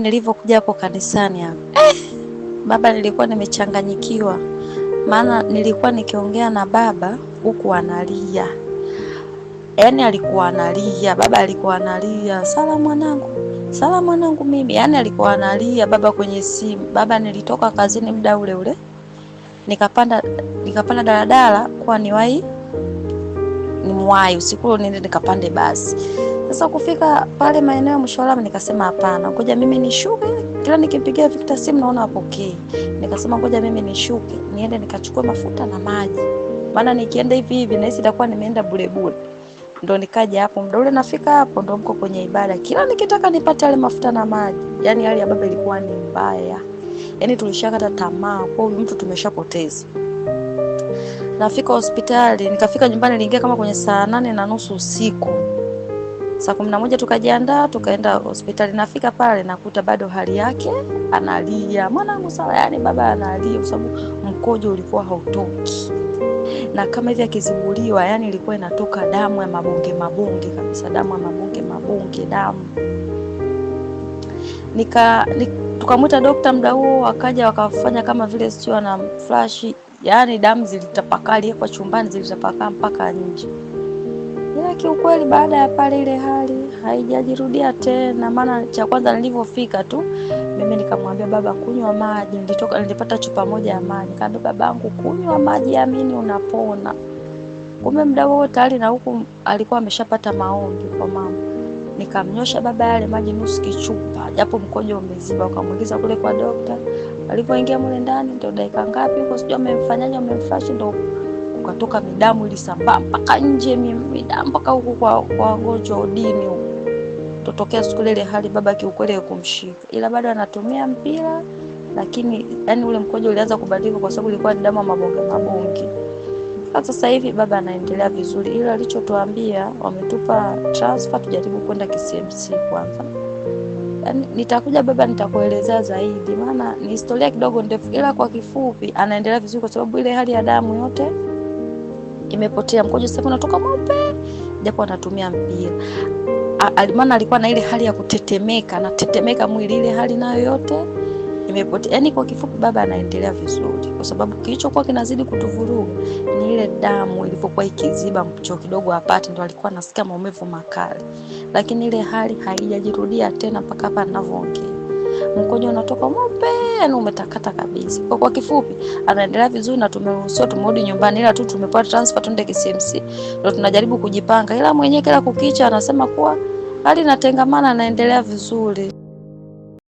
Nilivyokuja hapo kanisani hapo eh, baba, nilikuwa nimechanganyikiwa, maana nilikuwa nikiongea na baba huku analia, yani alikuwa analia, baba alikuwa analia, sala mwanangu, sala mwanangu mimi, yani alikuwa analia baba kwenye simu. Baba, nilitoka kazini muda ule ule nikapanda nikapanda daladala kwa niwai nimwahi usiku niende nikapande basi. Sasa kufika pale maeneo Mshwalama nikasema hapana, ngoja mimi nishuke. Kila nikimpigia Victor simu naona apokee. Nikasema ngoja mimi nishuke, niende nikachukue mafuta na maji. Maana nikienda hivi hivi nahisi itakuwa nimeenda bure bure. Ndo nikaja hapo, muda ule nafika hapo ndo mko kwenye ibada. Kila nikitaka nipate yale mafuta na maji. Yani hali ya baba ilikuwa ni mbaya. yani tulishakata tamaa kwa huyu mtu tumeshapoteza nafika hospitali, nikafika nyumbani, niliingia kama kwenye saa nane na nusu usiku, saa kumi na moja tukajiandaa tukaenda hospitali. Nafika pale nakuta bado hali yake, analia mwanangu sawa yani baba analia kwa sababu mkojo ulikuwa hautoki na kama hivi akizibuliwa, yani ilikuwa inatoka damu ya mabonge mabonge kabisa, damu ya mabonge mabonge, damu nika, ni, tukamwita dokta muda huo, akaja wakafanya kama vile sio na flashi yaani damu zilitapakaa, aliyekuwa chumbani zilitapakaa mpaka nje. Ila kiukweli baada ya pale ile hali haijajirudia tena, maana cha kwanza nilivyofika tu mimi nikamwambia baba, kunywa maji. Nilitoka nilipata chupa moja ya maji, kaambia babangu, kunywa maji, amini unapona. Kumbe mda huo tayari na huku alikuwa ameshapata maombi kwa mama. Nikamnyosha baba yale maji nusu kichupa, japo mkojo umeziba, ukamwingiza kule kwa dokta Alipoingia mule ndani ndio dakika ngapi huko sijui amemfanyaje amemfashi ndio ukatoka midamu ilisambaa mpaka nje midamu mpaka huku kwa kwa wagonjwa udini huko. Totokea siku ile hali baba kiukweli kumshika. Ila bado anatumia mpira lakini yani ule mkojo ulianza kubadilika kwa sababu ilikuwa ni damu ya mabonge mabonge. Sasa hivi baba anaendelea vizuri, ila alichotuambia wametupa transfer tujaribu kwenda KCMC kwanza yani, nitakuja baba, nitakuelezea zaidi, maana ni historia kidogo ndefu, ila kwa kifupi anaendelea vizuri, kwa sababu ile hali ya damu yote imepotea, mkojo sasa unatoka mweupe, japo anatumia mpira maana alikuwa na ile hali ya kutetemeka, anatetemeka mwili, ile hali nayo yote nimepotea. Yani kwa kifupi, baba anaendelea vizuri, kwa sababu kilichokuwa kinazidi kutuvuruga ni ile damu ilivyokuwa ikiziba mcho kidogo apate, ndo alikuwa anasikia maumivu makali, lakini ile hali haijajirudia tena mpaka hapa ninavyoongea mkojo unatoka mwepeni umetakata kabisa. Kwa, kwa kifupi anaendelea vizuri na tumeruhusiwa tumerudi nyumbani, ila tu tumepewa transfer tuende KCMC, ndo tunajaribu kujipanga, ila mwenyewe kila kukicha anasema kuwa hali natengamana, anaendelea vizuri.